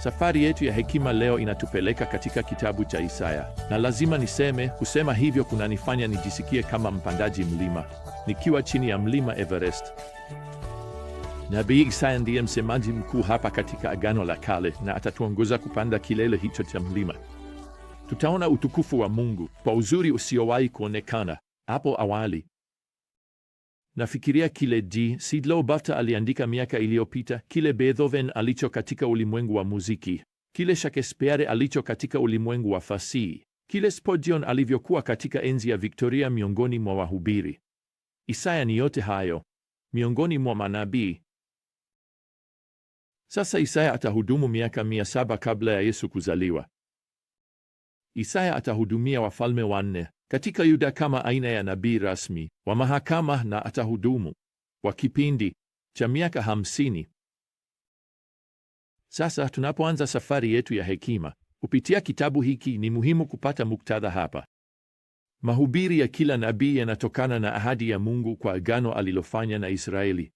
Safari yetu ya hekima leo inatupeleka katika kitabu cha Isaya, na lazima niseme, kusema hivyo kunanifanya nijisikie kama mpandaji mlima nikiwa chini ya mlima Everest. Nabii Isaya ndiye msemaji mkuu hapa katika Agano la Kale, na atatuongoza kupanda kilele hicho cha mlima. Tutaona utukufu wa Mungu kwa uzuri usiowahi kuonekana hapo awali. Nafikiria kile d Sidlow Bata aliandika miaka iliyopita, kile Beethoven alicho katika ulimwengu wa muziki, kile Shakespeare alicho katika ulimwengu wa fasihi, kile Spurgeon alivyokuwa katika enzi ya Victoria miongoni mwa wahubiri. Isaya ni yote hayo miongoni mwa manabii. Sasa Isaya atahudumu miaka mia saba kabla ya Yesu kuzaliwa. Isaya atahudumia wafalme wanne katika Yuda kama aina ya nabii rasmi wa mahakama na atahudumu kwa kipindi cha miaka hamsini. Sasa tunapoanza safari yetu ya hekima kupitia kitabu hiki, ni muhimu kupata muktadha hapa. Mahubiri ya kila nabii yanatokana na ahadi ya Mungu kwa agano alilofanya na Israeli.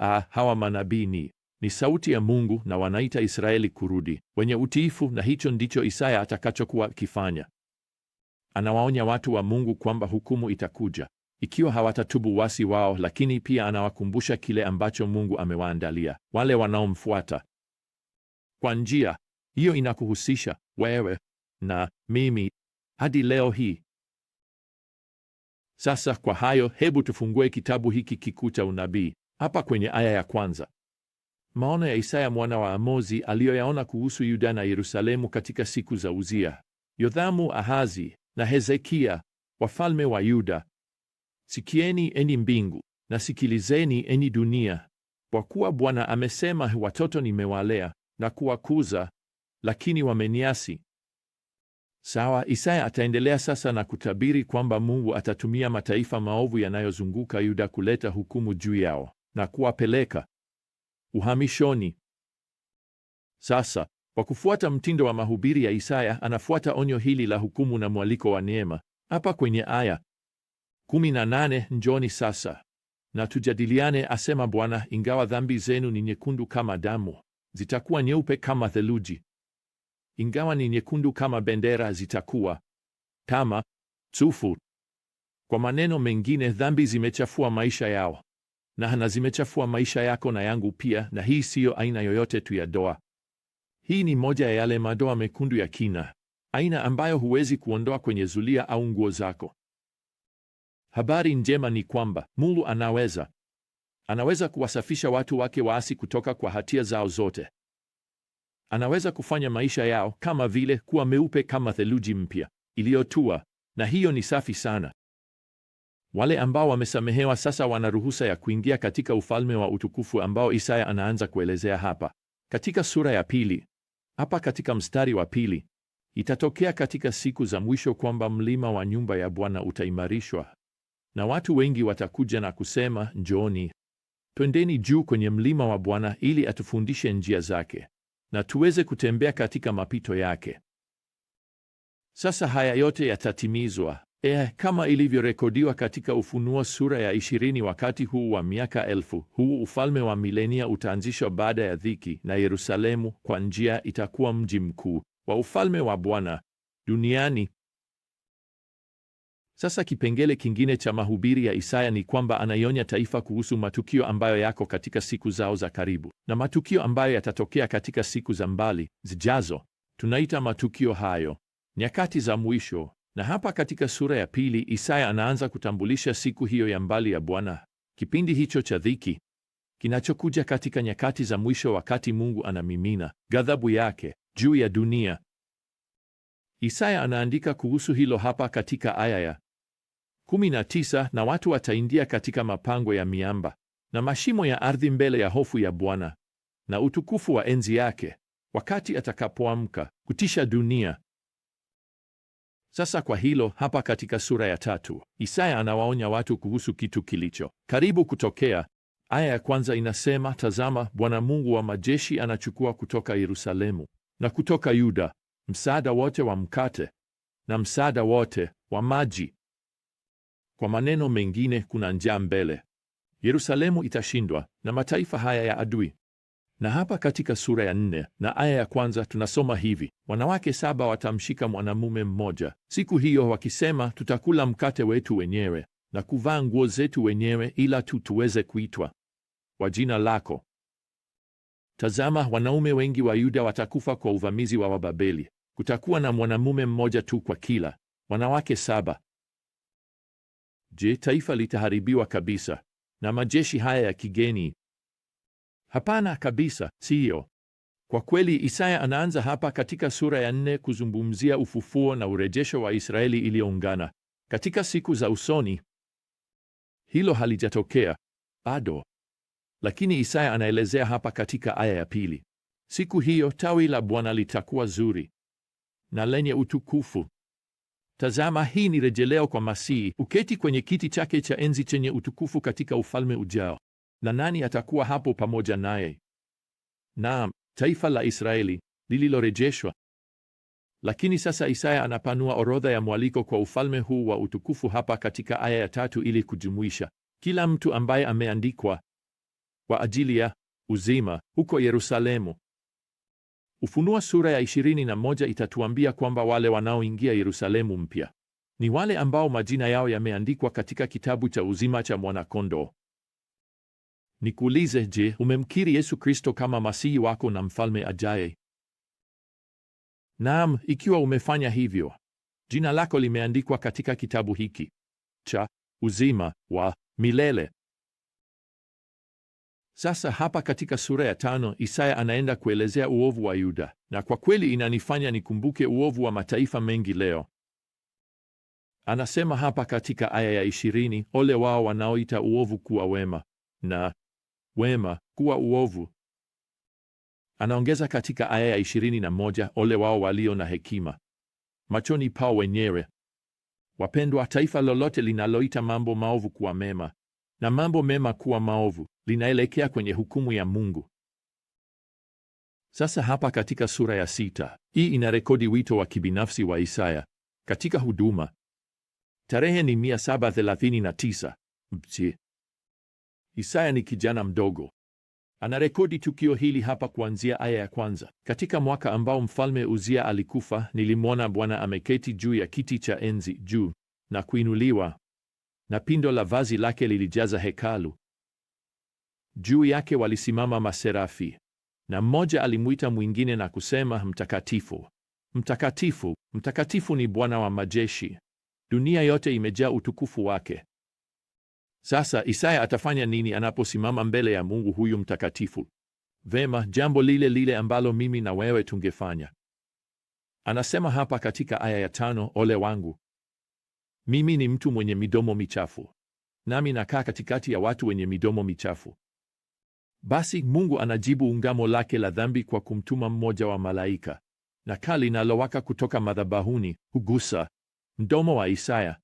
Ah, hawa manabii ni ni sauti ya Mungu na wanaita Israeli kurudi wenye utiifu, na hicho ndicho Isaya atakachokuwa akifanya. Anawaonya watu wa Mungu kwamba hukumu itakuja ikiwa hawatatubu wasi wao, lakini pia anawakumbusha kile ambacho Mungu amewaandalia wale wanaomfuata. Kwa njia hiyo inakuhusisha wewe na mimi hadi leo hii. Sasa kwa hayo, hebu tufungue kitabu hiki kikuu cha unabii hapa kwenye aya ya kwanza. Maono ya Isaya mwana wa Amozi aliyoyaona kuhusu Yuda na Yerusalemu katika siku za Uzia, Yothamu, Ahazi na Hezekia, wafalme wa Yuda. Sikieni eni mbingu, na sikilizeni eni dunia, kwa kuwa Bwana amesema, watoto nimewalea na kuwakuza, lakini wameniasi. Sawa, Isaya ataendelea sasa na kutabiri kwamba Mungu atatumia mataifa maovu yanayozunguka Yuda kuleta hukumu juu yao na kuwapeleka uhamishoni. Sasa kwa kufuata mtindo wa mahubiri ya Isaya, anafuata onyo hili la hukumu na mwaliko wa neema. Hapa kwenye aya 18, njoni sasa na tujadiliane, asema Bwana, ingawa dhambi zenu ni nyekundu kama damu, zitakuwa nyeupe kama theluji; ingawa ni nyekundu kama bendera, zitakuwa kama sufu. Kwa maneno mengine, dhambi zimechafua maisha yao na na zimechafua maisha yako na yangu pia, na hii siyo aina yoyote tu ya doa. Hii ni moja ya yale madoa mekundu ya kina, aina ambayo huwezi kuondoa kwenye zulia au nguo zako. Habari njema ni kwamba mulu anaweza anaweza kuwasafisha watu wake waasi kutoka kwa hatia zao zote. Anaweza kufanya maisha yao kama vile kuwa meupe kama theluji mpya iliyotua, na hiyo ni safi sana. Wale ambao wamesamehewa sasa wana ruhusa ya kuingia katika ufalme wa utukufu ambao Isaya anaanza kuelezea hapa katika sura ya pili, hapa katika mstari wa pili: itatokea katika siku za mwisho kwamba mlima wa nyumba ya Bwana utaimarishwa na watu wengi watakuja na kusema, njoni twendeni juu kwenye mlima wa Bwana ili atufundishe njia zake na tuweze kutembea katika mapito yake. Sasa haya yote yatatimizwa E, kama ilivyorekodiwa katika Ufunuo sura ya ishirini, wakati huu wa miaka elfu, huu ufalme wa milenia utaanzishwa baada ya dhiki, na Yerusalemu kwa njia itakuwa mji mkuu wa ufalme wa Bwana duniani. Sasa kipengele kingine cha mahubiri ya Isaya ni kwamba anaionya taifa kuhusu matukio ambayo yako katika siku zao za karibu na matukio ambayo yatatokea katika siku za mbali zijazo. Tunaita matukio hayo nyakati za mwisho. Na hapa katika sura ya pili Isaya anaanza kutambulisha siku hiyo ya mbali ya Bwana, kipindi hicho cha dhiki kinachokuja katika nyakati za mwisho, wakati Mungu anamimina ghadhabu yake juu ya dunia. Isaya anaandika kuhusu hilo hapa katika aya ya 19, na watu wataingia katika mapango ya miamba na mashimo ya ardhi mbele ya hofu ya Bwana na utukufu wa enzi yake, wakati atakapoamka kutisha dunia. Sasa kwa hilo hapa katika sura ya tatu, Isaya anawaonya watu kuhusu kitu kilicho karibu kutokea. Aya ya kwanza inasema, tazama, Bwana Mungu wa majeshi anachukua kutoka Yerusalemu na kutoka Yuda msaada wote wa mkate na msaada wote wa maji. Kwa maneno mengine, kuna njaa mbele. Yerusalemu itashindwa na mataifa haya ya adui. Na hapa katika sura ya nne na aya ya kwanza tunasoma hivi: wanawake saba watamshika mwanamume mmoja siku hiyo, wakisema, tutakula mkate wetu wenyewe na kuvaa nguo zetu wenyewe, ila tu tuweze kuitwa kwa jina lako. Tazama, wanaume wengi wa Yuda watakufa kwa uvamizi wa Wababeli. Kutakuwa na mwanamume mmoja tu kwa kila wanawake saba. Je, taifa litaharibiwa kabisa na majeshi haya ya kigeni Hapana kabisa, siyo. Kwa kweli Isaya anaanza hapa katika sura ya nne kuzungumzia ufufuo na urejesho wa Israeli iliyoungana katika siku za usoni. Hilo halijatokea bado, lakini Isaya anaelezea hapa katika aya ya pili, siku hiyo tawi la Bwana litakuwa zuri na lenye utukufu. Tazama, hii ni rejeleo kwa Masihi uketi kwenye kiti chake cha enzi chenye utukufu katika ufalme ujao. Na nani atakuwa hapo pamoja naye? Naam, taifa la Israeli lililorejeshwa. Lakini sasa Isaya anapanua orodha ya mwaliko kwa ufalme huu wa utukufu hapa katika aya ya tatu ili kujumuisha kila mtu ambaye ameandikwa kwa ajili ya uzima huko Yerusalemu. Ufunua sura ya 21 itatuambia kwamba wale wanaoingia Yerusalemu mpya ni wale ambao majina yao yameandikwa katika kitabu cha uzima cha mwanakondoo Nikuulize, je, umemkiri Yesu Kristo kama masihi wako na mfalme ajaye? Naam, ikiwa umefanya hivyo, jina lako limeandikwa katika kitabu hiki cha uzima wa milele. Sasa hapa katika sura ya tano Isaya anaenda kuelezea uovu wa Yuda, na kwa kweli inanifanya nikumbuke uovu wa mataifa mengi leo. Anasema hapa katika aya ya ishirini, ole wao wanaoita uovu kuwa wema na wema kuwa uovu. Anaongeza katika aya ya 21, ole wao walio na hekima machoni pao wenyewe. Wapendwa, taifa lolote linaloita mambo maovu kuwa mema na mambo mema kuwa maovu linaelekea kwenye hukumu ya Mungu. Sasa hapa katika sura ya sita, hii inarekodi wito wa kibinafsi wa Isaya katika huduma. Tarehe ni 739. Isaya ni kijana mdogo. Anarekodi tukio hili hapa kuanzia aya ya kwanza. Katika mwaka ambao mfalme Uzia alikufa, nilimwona Bwana ameketi juu ya kiti cha enzi juu na kuinuliwa, na pindo la vazi lake lilijaza hekalu. Juu yake walisimama maserafi, na mmoja alimwita mwingine na kusema, Mtakatifu, mtakatifu, mtakatifu ni Bwana wa majeshi, dunia yote imejaa utukufu wake. Sasa Isaya atafanya nini anaposimama mbele ya Mungu huyu mtakatifu? Vema, jambo lile lile ambalo mimi na wewe tungefanya. Anasema hapa katika aya ya tano, ole wangu mimi ni mtu mwenye midomo michafu, nami nakaa katikati ya watu wenye midomo michafu. Basi Mungu anajibu ungamo lake la dhambi kwa kumtuma mmoja wa malaika, na kaa linalowaka kutoka madhabahuni hugusa mdomo wa Isaya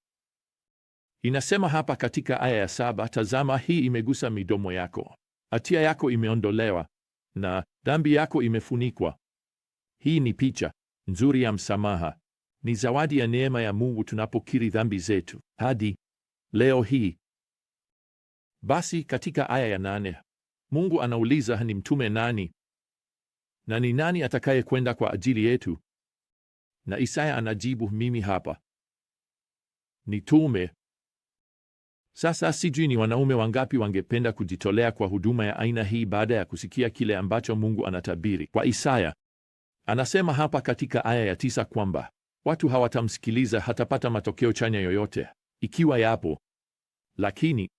Inasema hapa katika aya ya saba, tazama hii imegusa midomo yako, hatia yako imeondolewa na dhambi yako imefunikwa. Hii ni picha nzuri ya msamaha, ni zawadi ya neema ya Mungu tunapokiri dhambi zetu hadi leo hii. Basi katika aya ya nane Mungu anauliza ni mtume nani na ni nani atakayekwenda kwa ajili yetu? Na Isaya anajibu, mimi hapa nitume. Sasa sijui ni wanaume wangapi wangependa kujitolea kwa huduma ya aina hii baada ya kusikia kile ambacho Mungu anatabiri kwa Isaya. Anasema hapa katika aya ya tisa kwamba watu hawatamsikiliza, hatapata matokeo chanya yoyote ikiwa yapo. Lakini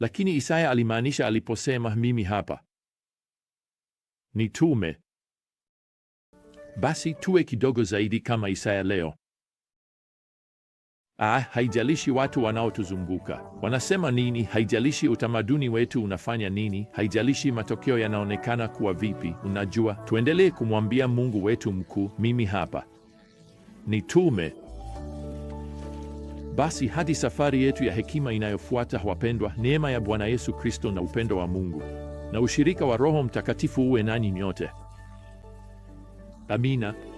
lakini Isaya alimaanisha aliposema mimi hapa nitume. Basi tuwe kidogo zaidi kama Isaya leo. Ah, haijalishi watu wanaotuzunguka wanasema nini, haijalishi utamaduni wetu unafanya nini, haijalishi matokeo yanaonekana kuwa vipi. Unajua, tuendelee kumwambia Mungu wetu mkuu, mimi hapa, nitume. Basi hadi safari yetu ya hekima inayofuata, wapendwa, neema ya Bwana Yesu Kristo na upendo wa Mungu na ushirika wa Roho Mtakatifu uwe nanyi nyote. Amina.